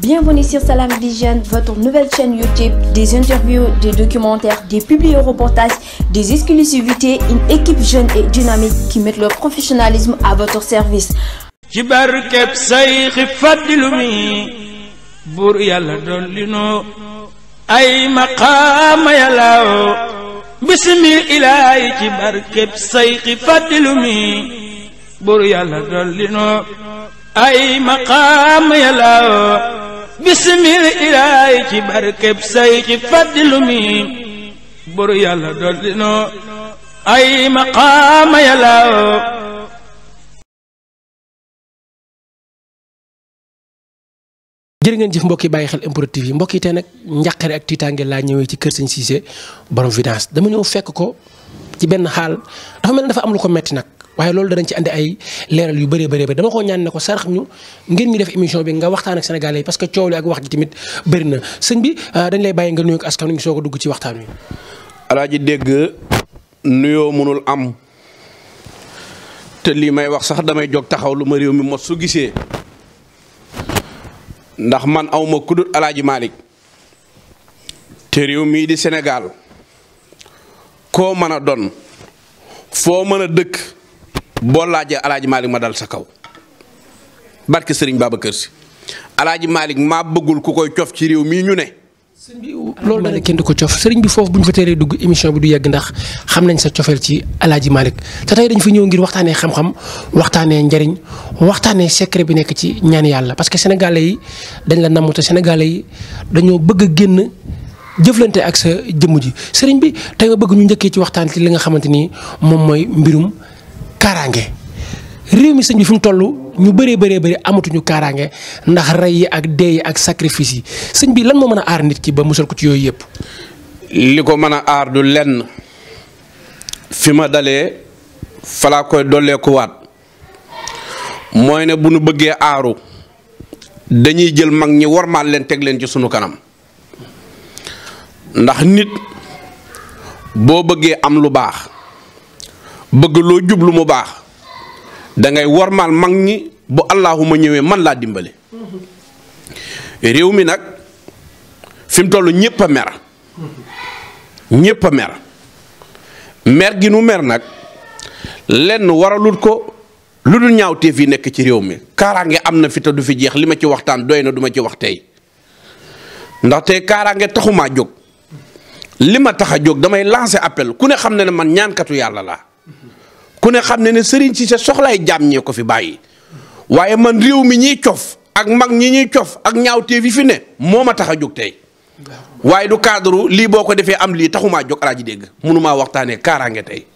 Bienvenue sur Salam Vision, votre nouvelle chaîne YouTube, des interviews, des documentaires, des publi-reportages, des exclusivités, une équipe jeune et dynamique qui met leur professionnalisme à votre service. ci barkeb Sayxi Fadilu mi buur yàlla dolli noo ay maqaama yàllaaw bisimil ilaahi ci barkeb Sayxi Fadilu mi buur yàlla bismil ilaahi ci barkeb say ci faddilu buru yàlla dolli noo ay maqaama yàlla jërë ngeen jëf yi bàyyi xel MPROD yi tey nag njàqare ak tiitaange laa ñëwee ci kër Sëñ Cissé borom finance dama ñëw fekk ko ci benn xaal dafa mel ne dafa am lu ko metti nag waaye loolu danañ ci andi ay leeral yu bare bëree bëri dama ko ñaan na ko sarax ñu ngir ñu def émission bi nga waxtaan ak sénégalais yi parce que coow li ak wax ji tamit bëri na sëñ bi euh, dañ lay bàyyi nga nuyu ak askan ñu soog a dugg nuyoo mënul am te lii may wax sax damay jóg taxaw lu ma réew mi su gisee ndax man awma kudut alaaji Malick te réew mii di Sénégal koo mën a doon foo mën a dëkk boo laajee alaaji Malick ma dal sa kaw barke Serigne Babacar Sy alaaji Malick maa bëggul ku koy cof ci réew mii ñu ne. loolu dana kenn du ko cof sëriñ bi foofu bu ñu fa teelee dugg émission bi du yegg ndax xam nañ sa cofeel ci alaaji Malick te tey dañ fa ñëw ngir waxtaanee xam-xam waxtaanee njariñ waxtaanee secret bi nekk ci ñaan yàlla parce que sénégalais yi dañ la namm te sénégalais yi dañoo bëgg génn. jëflante ak sa jëmm ji sëriñ bi tey nga bëgg ñu njëkkee ci waxtaan ci li nga xamante ni moom mooy mbirum kaaraange réew mi sëñ bi fi mu toll ñu bëree bëree bëri amatuñu kaaraange ndax rey yi ak dee yi ak sacrifice yi sëñ bii lan moo mën a aar nit ki ba musal ko ci yooyu yëpp. li ko mën a aar du lenn fi ma dalee falaa koy dolleeku mooy ne bu nu bëggee aaru dañuy jël mag ñi warmaal leen teg leen ci sunu kanam ndax nit boo bëggee am lu baax. bëgg loo jublu mu baax dangay ngay wormaal mag ñi bu allahuma ñëwee man laa dimbale réew mi nag fi mu toll ñëpp a mer ñëpp a mer mer gi nu mer nag lenn waralut ko lu dul ñaawteef yi nekk ci réew mi kaaraange am na fi te du fi jeex li ma ci waxtaan doy na duma ma ci wax tey ndaxte kaaraange taxumaa jóg li ma tax a jóg damay lancer appel ku ne xam na ne man ñaankatu yàlla laa ku ne xam ne ne Serigne Cissé soxlaay jaam ñee ko fi bàyyi waaye man réew mi ñiy cof ak mag ñi ñuy cof ak ñaawteef yi fi ne moom ma tax a jóg tey waaye du cadre lii boo ko defee am lii taxumaa jóg ji dégg mënumaa waxtaanee kaaraange tey.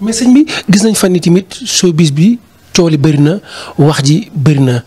mais bi gis nañ fan ni tamit showbiz bi cooli bëri na wax ji bëri na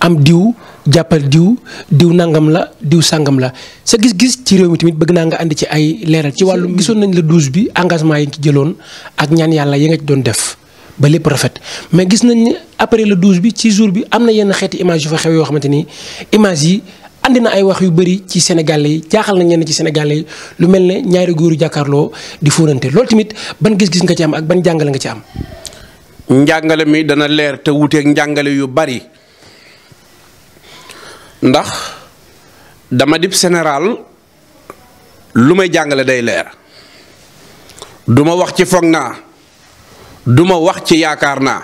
am diw. jàppal diw diw nangam la diw sangam la sa gis-gis ci réew mi tamit bëgg naa nga indi ci ay leeral ci wàllu gisoon nañ la douze bi engagement yi nga ci jëloon ak ñaan yàlla yi nga ci doon def ba lépp rafet mais gis nañ ne après le douze bi ci jour bi am na yenn xeeti image yu yoo xamante ni image yi andi na ay wax yu bëri ci Sénégalais yi jaaxal na ñenn ci Sénégalais yi lu mel ne ñaari góoru jàkkaarloo di fóonante loolu tamit ban gis-gis nga ci am ak ban jàngale nga ci am. njàngale mi dana leer te wuuteeg njàngale yu bari ndax dama dib général lu may jàngale day leer duma wax ci foog naa duma wax ci yaakaar naa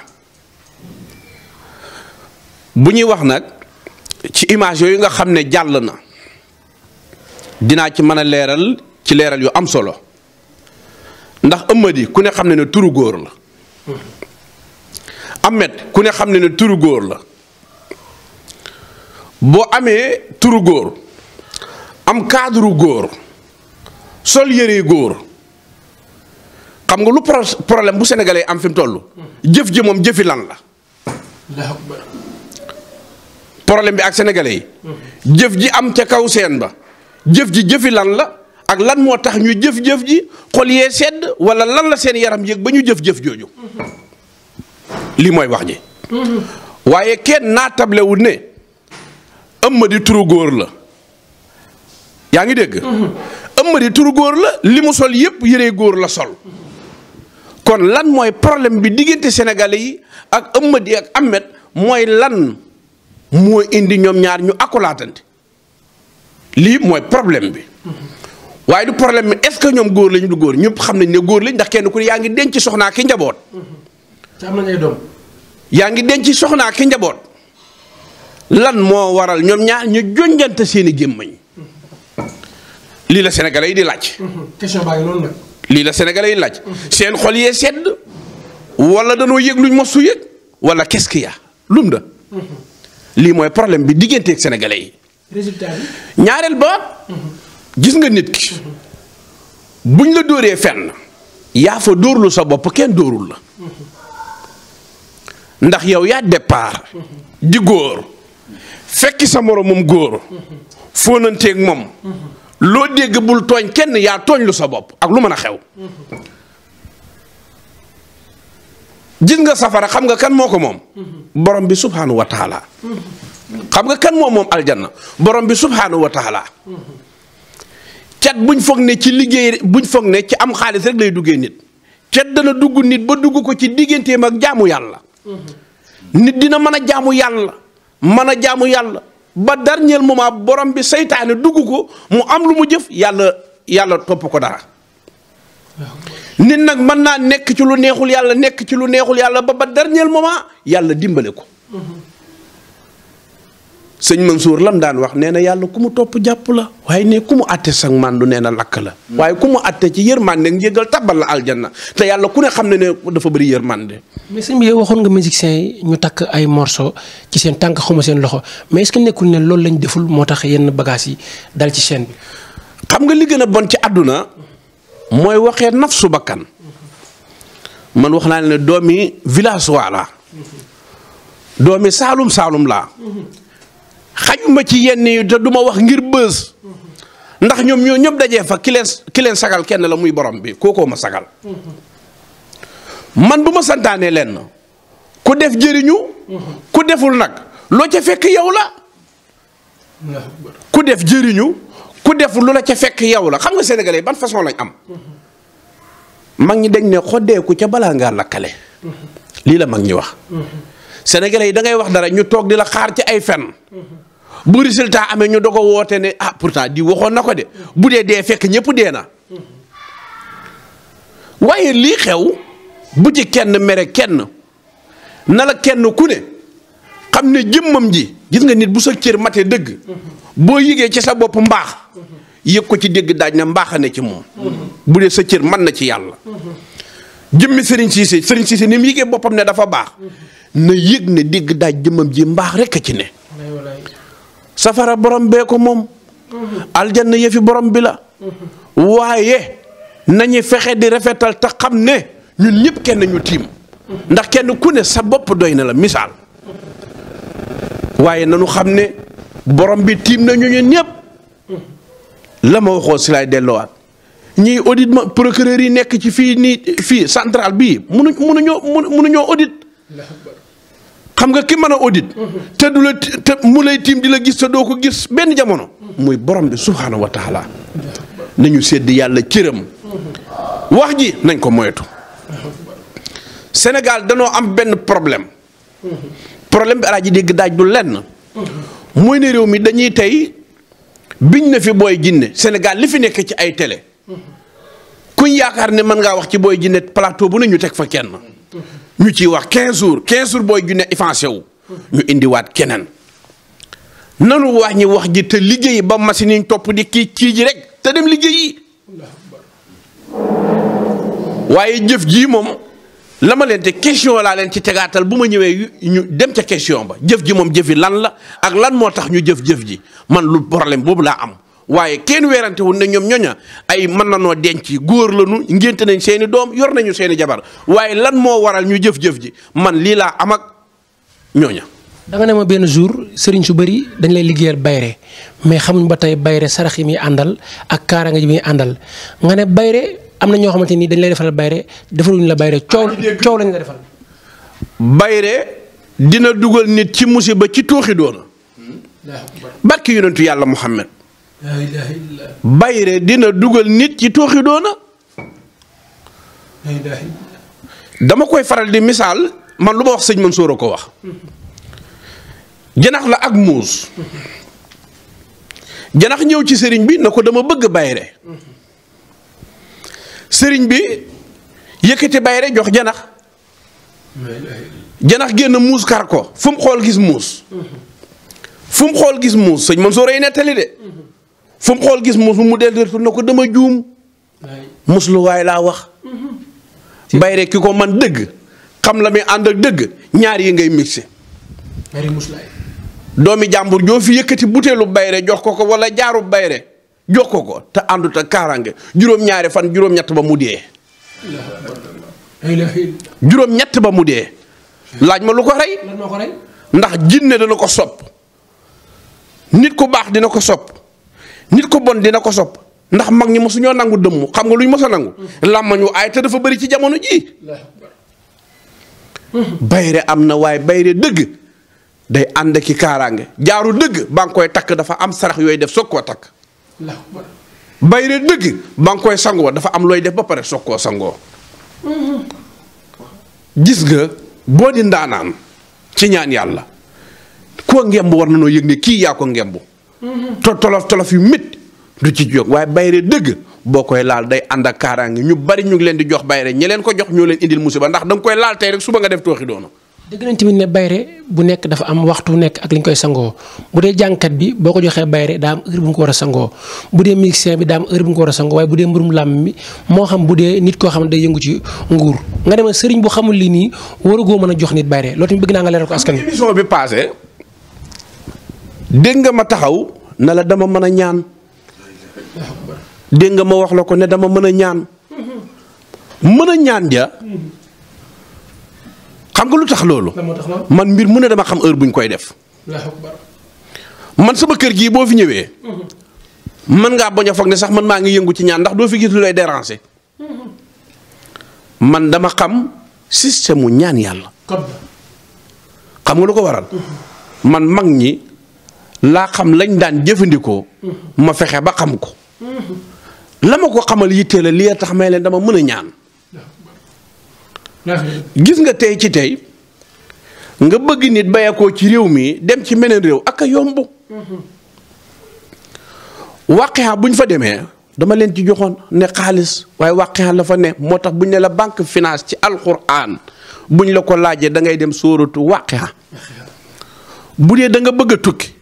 bu ñuy wax nag ci image yooyu nga xam ne jàll na dinaa ci mën a leeral ci leeral yu am solo ndax yi ku ne xam ne ne turu góor la Ahmed ku ne xam ne ne turu góor la boo amee turu góor am cadre góor sol yére góor xam nga lu problème bu sénégalais am fim mu toll. jëf ji moom jëfi lan la. problème bi ak sénégalais jëf ji am ca kaw seen ba jëf ji jëfi lan la ak lan moo tax ñu jëf jëf ji xol yee sedd wala lan la seen yaram yëg ba ñu jëf jëf jooju. lii mooy wax ji. waaye kenn naatablewul ne. ëmma di turu góor la yaa ngi dégg ëmma mhm. di turu góor la li mu sol yépp yëree góor la sol kon lan mooy problème bi diggante sénégalais yi ak ëmma di ak amet mooy lan moo indi ñoom ñaar ñu akkulaatante lii mooy problème bi mhm. waaye du problème bi est-ce que ñoom góor lañu du góor ñëpp xam nañ ne góor lañ ndax kenn ku ne yaa ngi denc soxnaa ki njaboot. Mhm. am na ngay yaa ngi denc soxnaa ki njaboot. lan moo waral ñoom ñaar ñu jonjante seen gémmañ lii la sénégalais yi di laaj. lii la sénégalais yi laaj. seen xol yee sedd walla danoo yëg luñ mosu yëg wala qu'est-ce qu'il lum da lii mooy problème bi digganteeg sénégalais yi. résultat ñaareel ba. gis nga nit ki. buñ la dóoree fenn. yaa fa dóorlu sa bopp kenn dóorul la. ndax yow yaa départ. di góor. fekki sa moroom moom góor fóonanteeg moom loo dégg bul tooñ kenn yaa tooñ lu sa bopp ak lu mën a xew gis nga safara xam nga kan moo ko moom borom bi subhaanahu wa taala xam nga kan moom moom aljanna borom bi subhaanahu wa taala cat buñ foog ne ci liggéey buñ foog ne ci am xaalis rek lay duggee nit cat dana dugg nit ba dugg ko ci digganteem ak jaamu yàlla nit dina mën a jaamu yàlla mën a jaamu yàlla ba dernier moment borom bi seytaane dugg ko mu am lu mu jëf yàlla yàlla topp ko dara nit nag mën naa nekk ci lu neexul yàlla nekk ci lu neexul yàlla ba ba dernier moment yàlla dimbale ko sëñ Mansour lam daan wax nee na yàlla ku mu topp jàpp la waaye ne ku mu àtte sax màndu nee na lakk la waaye ku mu àtte ci yërmande ak njëgal tabal la aljanna te yàlla ku ne xam ne ne dafa bëri yërmande mais sëñ bi yow waxoon nga musiciens yi ñu takk ay morso ci seen tànk xuma seen loxo mais est ce nekkul ne loolu lañu deful moo tax yenn bagages yi dal ci seen bi xam nga li gën a bon ci àdduna mooy waxee naf su bakkan man wax naa ne doomi village waa laa saalum saalum xajuma ci yenn yi du ma wax ngir bës ndax ñoom ñëpp dajee fa ki leen sagal kenn la muy borom bi kookoo ma sagal man bu ma santaanee leen ku def jëriñu ku deful nag loo ca fekk yow la ku def jëriñu ku def lu la ca fekk yow la xam nga sénégalais ban façon lañ am mag ñi dañ ne xoddeeku ca balaa ngaa lakkale lii la mag ñi wax sénégalais yi dangay wax dara ñu toog di la xaar ci ay fen bu résultat amee ñu doog ko wootee ne ah pourtant di waxoon na ko de bu dee dee fekk ñëpp dee na waaye lii xew bu ci kenn mere kenn na la kenn ku ne xam ne jëmmam ji gis nga nit bu sa cër matee dëgg boo yëgee ci sa bopp mbaax yëg ko ci dégg daaj na mbaax ne ci moom bu dee sa cër man na ci yàlla jëmmi Serigne Cissé sëriñ Cissé ni mu yëgee boppam ne dafa baax na yëg ne dégg daaj jëmmam ji mbaax rek a ci ne safara borom bee ko moom aljanna yëfi borom bi la waaye nañu fexe di rafetal te xam ne ñun ñëpp kenn ñu tiim ndax kenn ku ne sa bopp doy na la misaal waaye nanu xam ne borom bi tiim nañu ñun ñëpp la ma waxoon si laay delloowaat ñiy audit ma procureur yi nekk ci fii nii fii centrale bii munu munuñoo munuñoo audit xam nga ki mën a audit. te du la te mu lay tiim di la gis sa doo ko gis benn jamono. muy borom bi subhaanahu wa taala nañu sedd yàlla cëram. wax ji nañ ko moytu. Sénégal danoo am benn problème. problème bi alaaji dégg daaj du lenn. mooy ne réew mi dañuy tey biñ na fi booy jinne Sénégal li fi nekk ci ay télé. kuñ yaakaar ne mën ngaa wax ci booy jinne plateau bu ne ñu teg fa kenn. ñu ciy wax 15 jours 15 jours booy junne effacé wu ñu indiwaat keneen nanu wax ñi wax ji te liggéey ba machine yi ñu topp di kii kii ji rek te dem liggéeyi waaye jëf ji moom la leen te question laa leen ci tegaatal bu ma ñëwee ñu dem ca question ba jëf ji moom jëfi lan la ak lan moo tax ñu jëf jëf ji man lu problème boobu laa am. waaye kenn weerante wun ne ñoom ñoña ay man na ñoo denc góor lañu ngénte nañ seeni doom yor nañu seeni jabar waaye lan moo waral ñu jëf-jëf ji man lii laa am ak ñooña da ne ma benn jour sëriñ su bëri dañ lay liggéeyal bayre mais xamuñ ba tey bayre sarax yi muy àndal ak kaaraange yi muy àndal nga ne bayre am na ñoo xamante ni dañ lay defal bayre defaluñu la bayre coow coow lañ la defal bayre dina dugal nit ci musiba ci tooxi doona hmm. barki yonentu yàlla Muhammad bayre dina dugal nit ci tooxi doona dama koy faral di misaal man lu ma wax sëñ Mansoor a ko wax janax la ak muus janax ñëw ci sëriñ bi na ko dama bëgg bayre sëriñ bi yëkkati bayre jox janax janax génn muus kar ko fu xool gis muus fu mu xool gis muus sëñ Mansoor ay nettali de mm-hmm. fu mu xool gis muus mu dell retour na ko dama juum musluwaay laa wax bay ki ko man dëgg xam la muy ànd ak dëgg ñaar yi ngay mixé doomi jàmbur joo fi yëkkati butéelu bayre jox ko ko wala jaaru bayre jox ko ko te àndut ak kaaraange juróom-ñaari fan juróom-ñett ba mu dee. juróom-ñett ba mu dee. laaj ma lu ko rey. ndax jinne dana ko sopp. nit ku baax dina ko sopp. nit ko bon dina ko sopp ndax mag ñi mosuñoo nangu dëmm xam nga luñ mos a nangu. làmmañu aay te dafa bëri ci jamono jii. bayre am na waaye bayre dëgg day ànd ki kaaraange jaaru dëgg ba nga koy takk dafa am sarax yooyu def soog koo takk. bayre dëgg ba koy sangoo dafa am looy def ba pare soog koo sangoo. gis nga boo di ndaanaan ci ñaan yàlla koo ngemb war na noo yëg ne kii yaa ko ngemb. to tolof tolof yu métti du ci jóg waaye bayre dëgg boo koy laal day ànd ak kaaraange ñu bari ñu ngi leen di jox bayre ñi leen ko jox ñoo leen indil musiba ndax da koy laal tey rek suba nga def tooxi doona dëgg nañ tamit ne bayre bu nekk dafa am waxtu nekk ak li ñu koy sangoo bu dee jàngkat bi boo ko joxee bayre daa am heure bu nga ko war a sangoo bu dee musicien bi daa am heure bu nga ko war a sangoo waaye bu dee mbërum làmm mi moo xam bu dee nit koo xam ne day yëngu ci nguur nga demee sëriñ bu xamul lii nii waragoo mën a jox nit bayre loolu bëgg naa nga ko askan bi émission bi dégg nga ma taxaw na la dama mën a ñaan dégg nga ma wax la ko ne dama mën a ñaan mën a ñaan ja xam nga lu tax loolu man mbir mu ne dama xam heure bu ñu koy def man sama kër gii boo fi ñëwee mën ngaa bañ a foog ne sax man maa ngi yëngu ci ñaan ndax doo fi gis lu lay déranger man dama xam système mu ñaan yàlla xam nga lu ko waral man mag ñi laa xam lañ daan jëfandikoo ma fexe ba xam ko la ma ko xamal yittee la li tax may leen dama mën a ñaan gis nga tey ci tey nga bëgg nit bayakoo ci réew mii dem ci meneen réew ak a yomb wàqexa buñ fa demee dama leen ci joxoon ne xaalis waaye wàqexa la fa ne moo tax buñ ne la banque finance ci alquran buñ la ko laajee da ngay dem sóoratu wàqexa bu dee danga nga bëgg a tukki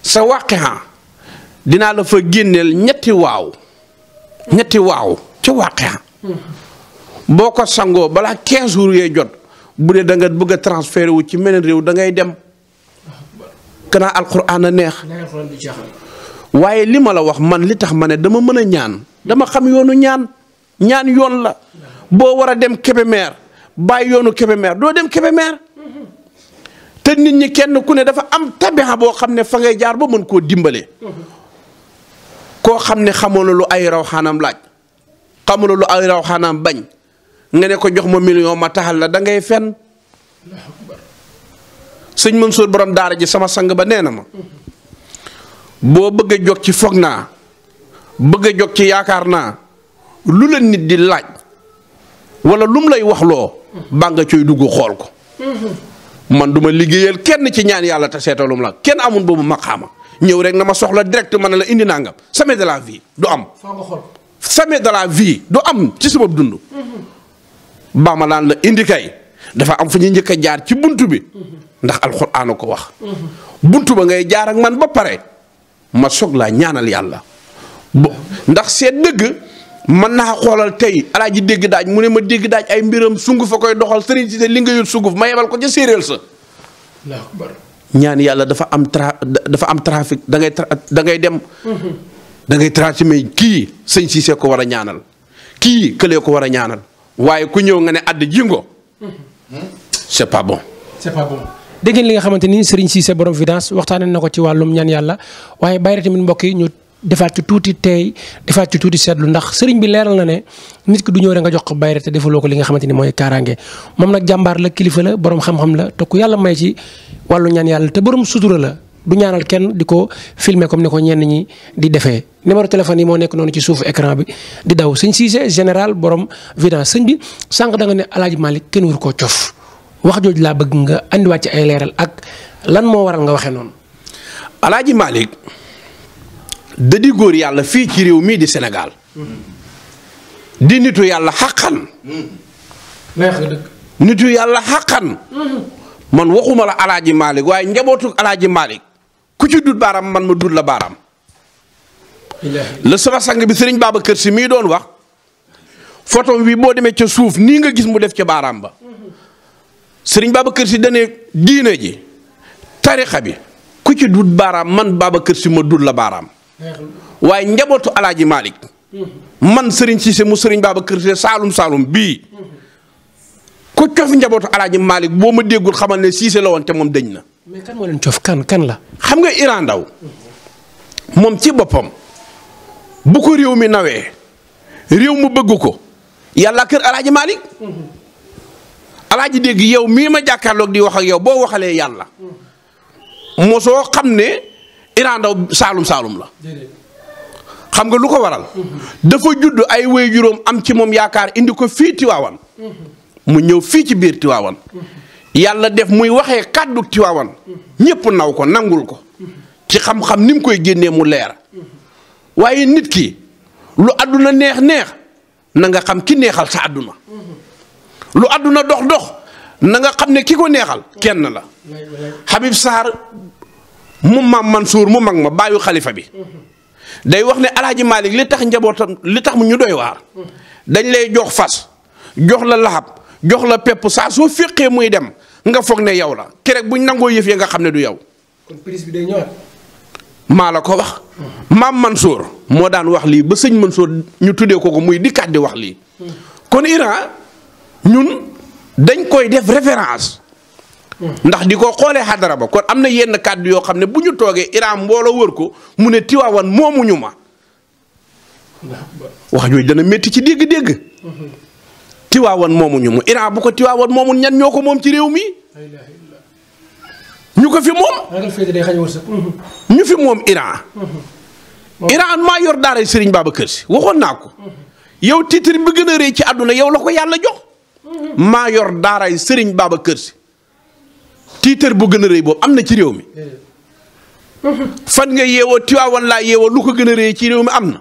sa waqiha dinaa la fa génneel ñetti waaw ñetti waaw ca waqiha boo ko sangoo balaa 15 jours yee jot bu dee da nga bëgg a transféré wu ci meneen réew da ngay dem kanaa alquran a neex waaye li ma la wax man li tax ma ne dama mën a ñaan dama xam yoonu ñaan ñaan yoon la boo war a dem Kébémer bàyyi yoonu Kébémer doo dem Kébémer te nit ñi kenn ku ne dafa am tabixa boo xam ne fa ngay jaar ba mën koo dimbale. koo xam ne xamoo lu ay raw xaanam laaj xamoo lu ay raw xaanam bañ nga ne ko jox ma million ma taxal la da ngay fenn. sëñ Mansour boroom daara ji sama sang ba nee na ma boo bëgg jox ci foog naa bëgg jox ci yaakaar naa lu la nit di laaj wala lum lay waxloo baa nga coy dugg xool ko. man du ma liggéeyal kenn ci ñaan yàlla te seetalum la kenn amul boobu maqaama ñëw rek na ma soxla direct man la indi nangam jamais de la vie du am. jamais de la vie du am ci sama dund. Mhm. baa ma laan la indi kay dafa am fu ñuy njëkk a jaar ci bunt bi mhm. ndax alxuraan ko wax. Mhm. bunt ba ngay jaar ak man ba pare ma soog laa ñaanal yàlla bo ndax seet dëgg mën naa xoolal tey alaaji dégg daaj mu ne ma dégg daaj ay mbiram sunguf a koy doxal sëriñ si li nga yut sunguf ma yebal ko ca séeréel sa ñaan yàlla dafa am tra dafa am trafic da ngay da ngay dem da ngay transhumé kii sëñ Cissé ko war a ñaanal kii kële ko war a ñaanal waaye ku ñëw nga ne àdd jingo c'est pas bon c'est pas bon dégg ngeen li nga xamante ni sëriñ Cissé borom finance waxtaanee na ko ci wàllum ñaan yàlla waaye bàyyi tamit mbokk ñu defaat ci tuuti tey defaat ci tuuti seetlu ndax sëriñ bi leeral na ne nit ki du ñëw rek nga jox ko bayre te defaloo ko li nga xamante ni mooy kaaraange moom nag jàmbaar la kilifa la borom xam-xam la te ku yàlla may ci wàllu ñaan yàlla te borom sutura la du ñaanal kenn di ko filmer comme ni ko ñenn ñi di defee. numéro téléphone yi moo nekk noonu ci suufu ecran bi di daw sëñ Cissé général borom vidance sëñ bi sànq da nga ne El Hadj kenn wur koo cof wax jooju laa bëgg nga andiwaat ci ay leeral ak lan moo waral nga waxee noonu. da góor yàlla fii ci réew mii di Sénégal di nitu yàlla xaqan nitu yàlla xaqan man waxuma la alaaji Malick waaye njabootu alaaji Malick ku ci dut baaraam man ma dut la baaraam la sama sang bi sëriñ Babacar Si mii doon wax photo bi boo demee ca suuf nii nga gis mu def ca baaraam ba sëriñ Babacar Si dane diine ji tarixa bi ku ci dut baaraam man Babacar Si ma dut la baaraam waaye njabootu alaaji Malick man sëriñ Cissé mu Serigne Babacar Cissé Saalum Saalum bii ku cof njabootu alaaji Malick boo ma déggul xamal ne Cissé la woon te moom dëñ na. mais kan moo leen cof kan kan la. xam nga Iran moom ci boppam bu ko réew mi nawee réew mu bëgg ko yàlla kër alaaji Malick alaaji dégg yow mii ma jàkkaarloog di wax ak yow boo waxalee yàlla mosoo xam ne. Iran Ndaw saalum saalum la. xam nga lu ko waral. dafa judd ay wéy juróom am ci moom yaakaar indi ko fii Tiwaawan. Mm-hmm. mu ñëw fii ci biir Tiwaawan. Mm-hmm. yàlla def muy waxee kàddu Tiwaawan. Mm-hmm. ñépp naw ko nangul ko. ci xam-xam ni mu koy génnee mu leer. waaye nit ki lu àdduna neex neex na nga xam ki neexal sa àdduna. lu àdduna dox dox na xam ne ki ko neexal kenn la. Habib Sarr mu maam Mansour mu mag ma bàyyu xalifa bi day wax ne alaaji Malick li tax njabootam li tax mu ñu doy waar dañ lay jox fas jox la laxab jox la pepp saa soo féqee muy dem nga foog ne yow la bu ñu nangoo yëf ya nga xam ne du yow. kon bi day maa la ko wax. maam Mansour moo daan wax lii ba sëñ Mansour ñu tuddee ko ko muy dikkaat di wax lii. kon Iran ñun dañ koy def référence. ndax di ko xoolee xadara ba kon am na yenn kàddu yoo xam ne bu ñu toogee Iran mbooloo wër ko mu ne Tiwaawan moomuñu ma. wax jooju dana metti ci dégg-dégg. Tiwaawan moomuñu ma Iran bu ko Tiwaawan moomul ñan ñoo ko moom ci réew mi. ñu ko fi moom. ñu fi moom Iran. Iran maa yor daara Serigne Babacar Sy waxoon naa ko. yow titre ci àdduna yow la yàlla jox. maa yor daaray Serigne baaba Sy tiitër bu gën a rëy boobu am na ci réew mi. Eh. fan nga yeewoo Tiwaawan laa yeewoo lu ko gën a rëy ci réew mi am na.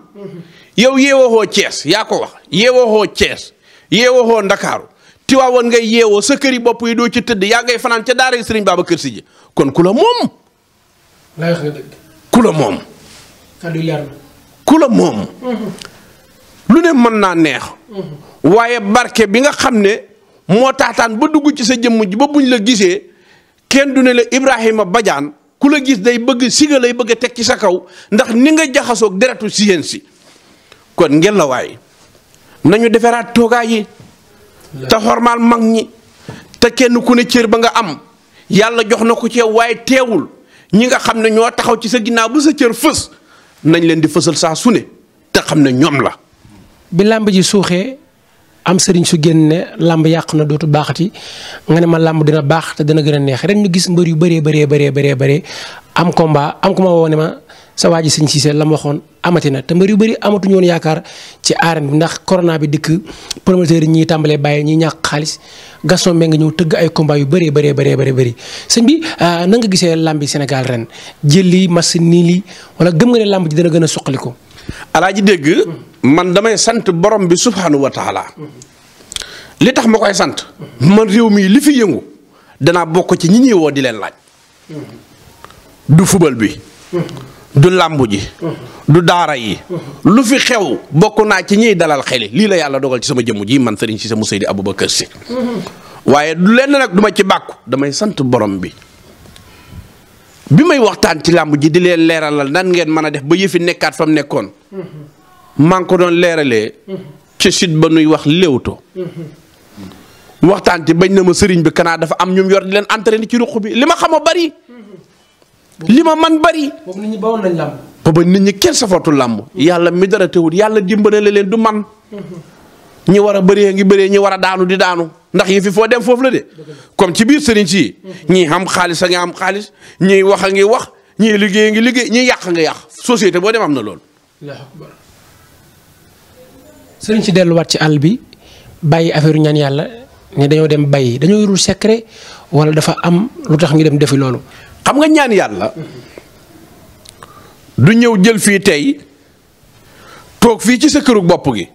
yow yeewoo xoo yaa ko wax yeewoo cees Thiès yeewoo xoo Ndakaaru Tiwaawan ngay yeewoo sa yi bopp yi doo ci tëdd yaa ngay fanaan ca daara Serigne Babacar Sy ji kon ku la moom. lay wax moom. kàddu moom. Mm-hmm. lu ne mën naa neex. Mm-hmm. waaye barke bi nga xam ne moo taataan ba dugg ci sa jëmm ji ba buñ la gisee. kenn du ne la Ibrahima Badiane ku la gis day bëgg siga lay bëgg a teg ci sa kaw ndax ni nga jaxasoog deretu siyeen si kon ngelawaay nañu deferaat toogaay yi te xormaal mag ñi te kenn ku ne cër ba nga am yàlla jox na ko ceew waaye teewul ñi nga xam ne ñoo taxaw ci sa ginnaaw bu sa cër fës nañ leen di fësal saa sune ne te xam ne ñoom la. bi làmb ji suuxee am sëriñ su génne làmb yàq na dootu baaxati nga ne ma làmb dina baax te dana gën a neex ren ñu gis mbër yu bëree bëree bëree bëree bëree am combat am ma woo ne ma sa waa ji sëñ Cissé la ma waxoon amati te mbër yu bëri amatuñu woon yaakaar ci arène bi ndax corona bi dikk promoteur yi ñiy tàmbalee bàyyi ñiy ñàkk xaalis Gaston Mbengue ñëw tëgg ay combat yu bëree bëree bëree bëri bëri sëñ bi euh, na nga gisee làmbi Sénégal ren jëli mas nii li wala gëm nga ne làmb ji dana gën a ko alaaji dégg man damay sant borom bi subhanahu wa li tax ma koy sant man réew mii li fi yëngu danaa bokk ci ñi ñuy woo di leen laaj du fubal bi du làmb ji du daara yi lu fi xew bokk naa ci ñiy dalal xeli lii la yàlla dogal ci sama jëmm ji man ci si sama abu Aboubacar Si mm-hmm. waaye du lenn nag duma ci bàkku damay sant borom bi bi may waxtaan ci làmb ji di leen leeralal nan ngeen mën a def ba yëfi nekkaat fa nekkoon. maa ngi ko doon leeralee. ci site ba nuy wax Leewtoo. waxtaan ci bañ na ma sëriñ bi kanaa dafa am ñum yor di leen entraîné ci ruq bi li ma xam a bari. li ma man bari. boobu nit ñi bawoon nañ làmb. nit ñi kenn safootu làmb. yàlla mi dara teewul yàlla dimbale leen du man. ñi war a bëree ngi bëree ñi war a daanu di daanu ndax yi fi foo dem foofu la de comme ci biir sëriñ si ñi am xaalis a ngi am xaalis ñii wax a ngi wax ñii liggéey a ngi liggéey ñii yàq nga yàq société boo dem am na loolu. sëriñ si delluwaat ci àll bi bàyyi affaire ñaan yàlla ne dañoo dem bàyyi dañoo yorul secret wala dafa am lu tax ngi dem defi loolu. xam nga ñaan yàlla du ñëw jël fii tey toog fii ci sa këru bopp gi.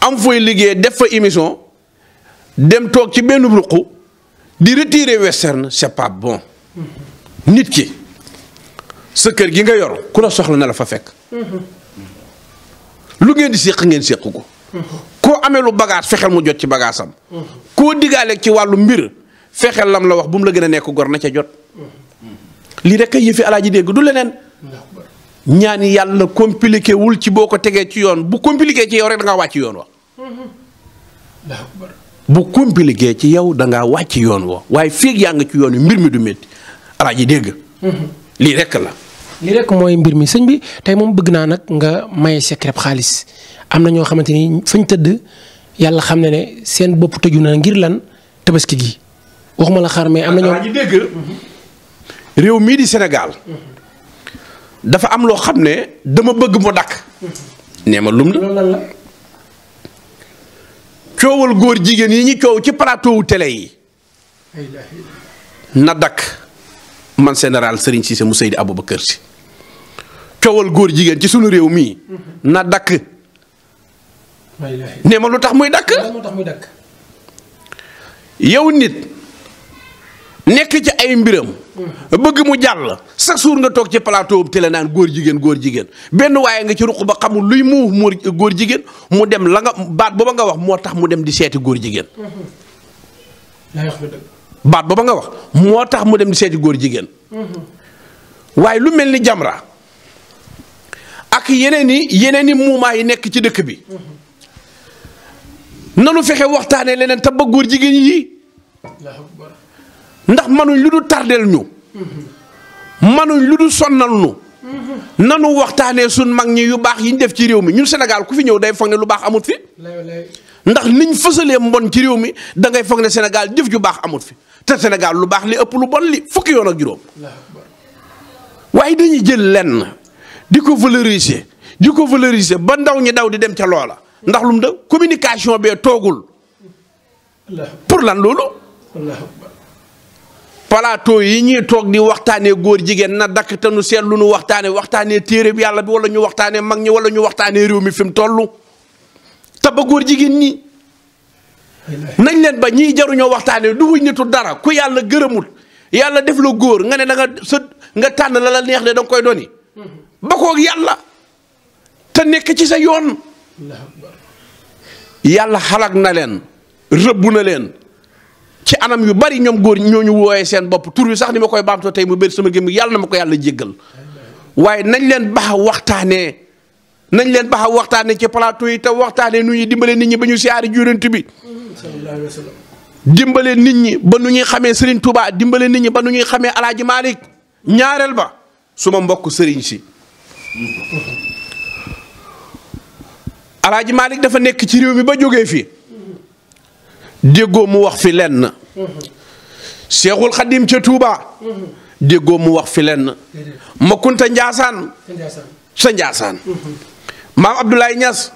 am fooy liggéey def fa émission dem toog ci benn ruq di retirer na c'est pas bon nit ki sa kër gi nga yor ku la soxla na la fa fekk lu ngeen di séq ngeen séq ko koo amee lu bagage fexeel mu jot ci bagaasam koo diggaaleeg ci wàllu mbir fexeel lam la wax bu mu la gën a nekk gor na ca jot lii rek a yëfi alaaji dégg du leneen ñaan yàlla compliqué wul ci boo ko tegee ci yoon bu compliqué ci yow rek da ngaa wàcc yoon wa. bu compliqué ci yow da ngaa wàcc yoon wa waaye feeg yaa nga ci yoon wi mbir mi du métti alaaji dégg. lii rek la. lii rek mooy mbir mi sëñ bi tey moom bëgg naa nag nga maye secret xaalis am na ñoo xamante ni fañ tëdd yàlla xam ne ne seen bopp tëju na ngir lan tabaski gi waxuma la xar mais am na ñoo. alaaji dégg réew mii di Sénégal. dafa am loo xam ne dama bëgg mu dakk nee ma lum la coowal góor jigéen yi ñu coow ci plateau tele yi na dakk man général Serigne Cissé mu Seydi Aboubacar Si coowal góor jigéen ci sunu réew mii na dakk nee ma lu tax muy dakk yow nit nekk ci ay mbiram bëgg mu jàll chaque jour nga toog ci plateau bi naan góor jigéen góor jigéen benn waaye nga ci ruq ba xamul luy muuf mu góor jigéen mu dem la nga baat ba nga wax moo tax mu dem di seeti góor jigéen baat nga wax moo tax mu dem di seeti góor jigéen waaye lu mel ni Jamra ak yeneen i yeneen i muumaa yi nekk ci dëkk bi nanu fexe waxtaanee leneen te ba góor jigéen yi ndax manuñ lu du tardeel ñu manuñ lu du sonnal ñu nanu waxtaanee sunu mag ñi yu baax yi ñu def ci réew mi ñun Sénégal ku fi ñëw day foog ne lu baax amut fi ndax niñ fësalee mbon ci réew mi da ngay foog ne Sénégal jëf ju baax amut fi te Sénégal lu baax li ëpp lu bon li fukki yoon ak juróom waaye dañuy jël lenn di ko valoriser di ko valoriser ba ndaw ñi daw di dem ca loola ndax lu mu da communication bee toogul pour lan loolu plateau yi ñuy toog di waxtaanee góor jigéen na dakk te nu seet lu nu waxtaanee waxtaanee téere bi yàlla bi wala ñu waxtaanee mag ñi wala ñu waxtaanee réew mi fi mu toll ba góor jigéen ñi nañ leen ba ñiy jaruñoo waxtaanee du wuñ nitu dara ku yàlla gërëmut yàlla def la góor nga ne danga nga nga tànn la la neex de da nga koy doni ba yàlla te nekk ci sa yoon yàlla xalak na leen rëbb na leen ci anam yu bari ñoom góor ñooñu ay seen bopp tur wi sax ni ma koy baamtoo tey mu bëri sama gémm yàlla na ma ko yàlla jéggal waaye nañ leen baax waxtaane waxtaanee nañ leen baax a waxtaanee ci plateau yi te waxtaanee nu dimbalee dimbale nit ñi ba ñu siyaari juranti nit ñi ba nu ñuy xamee Serigne Touba dimbalee nit ñi ba nu ñuy xamee Alaaji Malick ñaareel ba suma mbokk Serigne si Alaaji Malick dafa nekk ci réew mi ba jógee fii déggoo mu wax fi lenn. Seexul Xadim ca Touba. déggoo mu wax fi lenn. Makunta Njaasaan. sa Njaasaan. maam Abdoulaye Niass.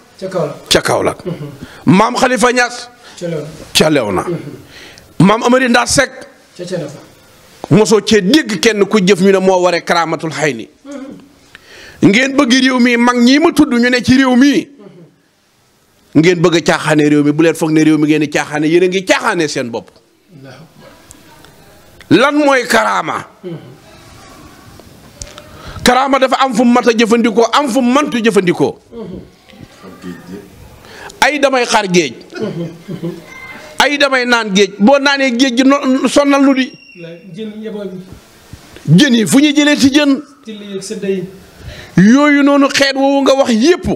ca Kaolack maam Khalifa Niass. ca Léona maam Amari Ndaas Seck. mosoo cee dégg kenn ku jëf ñu ne moo waree karaamatul xay ni ngeen bëgg réew mi mag ñii ma tudd ñu ne ci réew mii. ngeen bëgg a caaxaane réew mi bu foog ne réew mi ngeen di caaxaane yéen ngi caaxaane seen bopp lan mooy karaama karaama dafa am fu mat a jëfandikoo am fu mantu jëfandikoo ay damay xar géej ay damay naan géej boo naanee géej gi no sonnal lu di jën yi fu ñu jëlee ci jën yooyu noonu xeet woowu nga wax yépp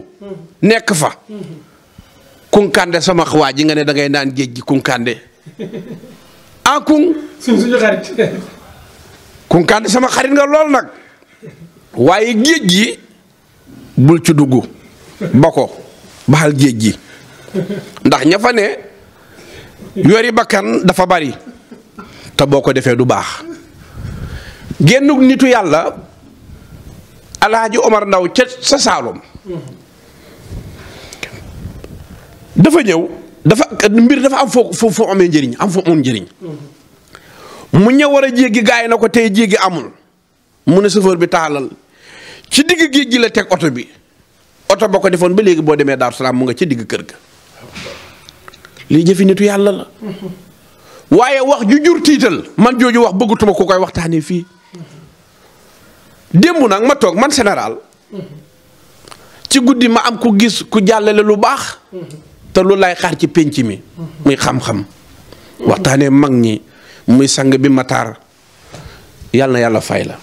nekk fa kunkande sama waa ji nga ne dangay naan géej gi kunkande ah kun. sama xarit nga lool nag waaye géej gi bul ci dugg ba ko baxal géej gi ndax ña fa ne yori bakkan dafa bari te boo ko defee du baax génnug nitu yàlla Alaaji Omar Ndaw ca sa Saalum. dafa ñëw dafa mbir dafa am foo foo foo amee njëriñ am foo amul njëriñ mu ñëw war a jéggi gars yi na ko tey jéggi amul mu ne chauffeur bi taalal ci digg géej gi la teg oto bi oto ba ko defoon ba léegi boo demee Daaru Salaam mu nga ci digg kër ga lii jëfi nitu yàlla la waaye wax ju jur tiital man jooju wax bëggatuma ko koy waxtaanee fii démb nag ma toog man général ci guddi ma am ku gis ku jàllale lu baax te loolu laay xaar ci pénc mi muy xam-xam waxtaanee mag ñi muy sang bi mataar yàlla na yàlla fay la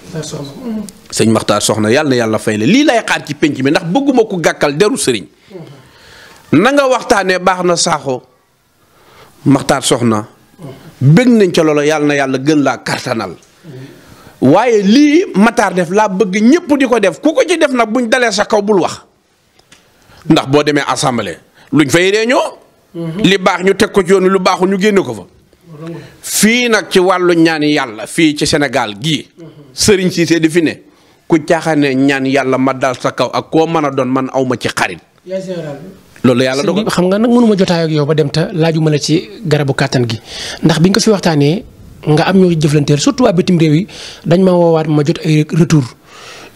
sëñ maxtaar soxna yàlla yàlla fay la lii lay xaar ci pénc mi ndax bëgguma ko gàkkal deru sëriñ nanga waxtaanee baax na saaxo maxtaar soxna bëgg nañ ci lolo yàlla na yàlla gën laa kartanal waaye lii mataar def laa bëgg ñépp di ko def ku ko ci def na buñ dalee sa kaw bul wax ndax boo demee assemblée luñ fay réunion. li baax ñu teg ko ci yoon lu baaxul ñu génne ko fa. fii nag ci wàllu ñaan yàlla fii ci Sénégal gii. sëriñ Cissé di fi ne ku caaxaane ñaan yàlla ma dal sa kaw ak koo mën a doon man awma ci xarit. loolu yàlla dogal xam nga nag mënuma jotaay ak yow ba dem ta laajuma na ci garabu kàttan gi ndax biñ ko fi waxtaanee nga am ñoo jëflanteel surtout waa bitim réew yi dañ ma woowaat ma jot ay retour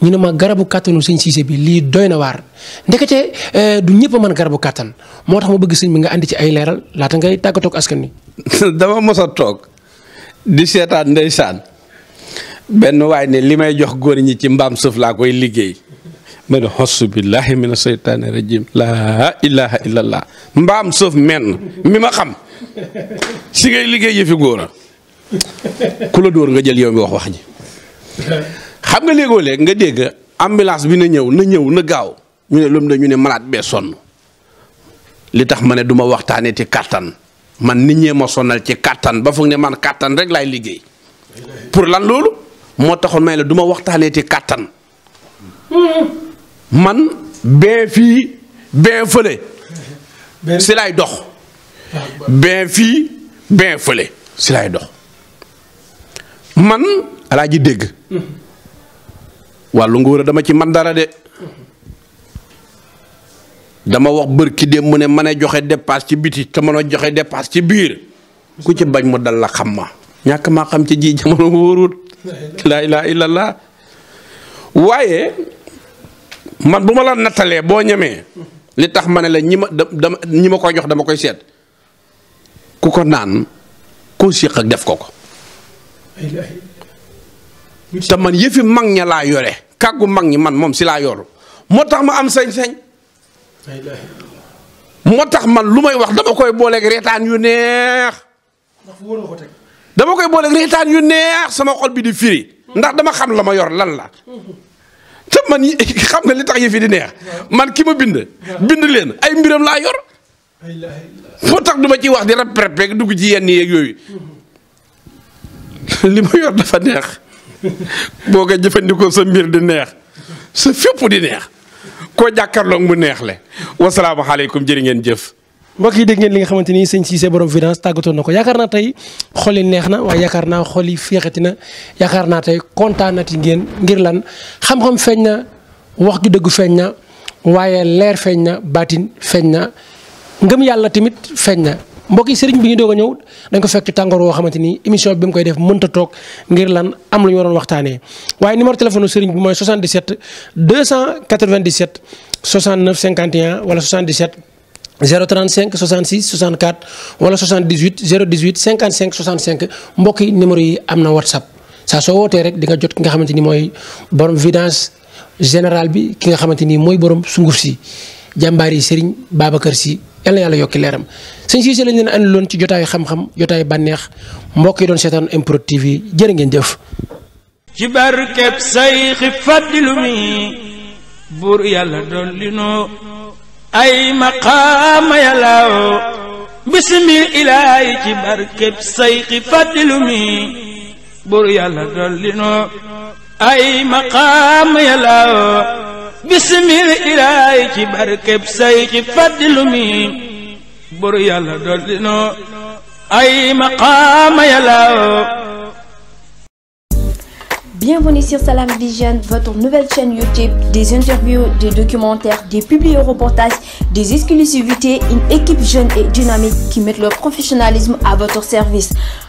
ñu ne ma garabu kàttanu sëñ Cissé bi lii doy na waar ndekete euh, du ñëpp a mën garabu kàttan moo tax ma bëgg sëñ bi nga andi ci ay leeral laata ngay tàggatoo aska askan dama mos a toog di seetaan ndeysaan benn waay ne li may jox góor ñi ci mbaam suuf laa koy liggéey ma ne xosu billahi mina seytaani rajim mbaam suuf menn mi ma xam si ngay liggéey yëfi góor a ku la dóor nga jël yow mi wax wax ji. xam nga léegoo léeg nga dégg ambulance bi na ñëw na ñëw na gaaw ñu ne lum da ñu ne malade bee sonn li tax ma ne duma ma waxtaanee ci kàttan man nit ñee ma sonal ci kàttan ba foog ne man kàttan rek laay liggéey pour lan loolu moo taxoon may la duma ma waxtaanee ci kàttan man benn fii benn fële si laay dox benn fii benn fële si laay dox man alaa ji dégg mm-hmm. wàllu nguur dama ci man dara de dama wax bër ki dem mu ne mën a joxe dépasse ci biti te mën a joxe dépasse ci biir ku ci bañ mu dal la xam ma ñàkk maa xam ci jii jamono wóorut laa ilaaha la waaye man bu ma la nattalee boo ñemee li tax ma ne la ñi ma dama ñi ma koy jox dama koy seet ku ko naan koo séq ak def ko ko te man yëfi mag ña laa yore kàggu mag ñi man moom si laa yoolu moo tax ma am sañ-sañ moo tax man lu may wax dama koy booleeg reetaan yu neex dama koy booleeg reetaan yu neex sama xol bi di firi ndax dama xam la ma yor lan la man xam nga li tax yëfi di neex man ki ma bind bind leen ay mbiram laa yor moo tax du ma ciy wax di rap rap dugg ci yenn yeeg yooyu li yor dafa neex boo ko jëfandikoo sa mbir di neex sa fépp di neex koo jàkkaarloog mu neex le wasalaamu aleykum jërë ngeen jëf. mbokk yi dégg ngeen li nga xamante ni sëñ Cissé borom finance tàggatoon na ko yaakaar naa tey xol neex na waaye yaakaar naa xol yi féexati na yaakaar naa tey kontaanati ngeen ngir lan xam-xam feeñ na wax ju dëggu feeñ na waaye leer feeñ na baatin feeñ na ngëm yàlla tamit feeñ na. mbokk yi sëriñ bi ñu doog a ñëw dañ ko fekk tàngoor woo xamante ni émission bi mu koy def mënta toog ngir lan am lu ñu waroon waxtaanee waaye numéro téléphone sëriñ bi mooy 77 297 69 51 wala 77. 035 66 64 wala 78 018 55 65 mbokk yi numéro yi am na whatsapp saa soo wootee rek di nga jot ki nga xamante ni mooy borom vidange général bi ki nga xamante ni mooy borom sunguf si jambaar yi sëriñ Babacar Sy yàlla yàlla yokki leeram sëñ Cissé lañ leen andi ci jotaayu xam-xam jotaayu bànneex mbokk yi doon seetaan MPROD TV yi jërë ngeen jëf. ci barkeb sayxi fàddilu mi buur yàlla dolli noo ay ma yàllaaw bisimil ilaahi ci barkeb sayxi yàlla dolli bismil ilaay ci Salam Vision, votre nouvelle chaîne YouTube, des interviews, des documentaires, des publi des exclusivités, une équipe jeune et dynamique qui met leur professionnalisme à votre service.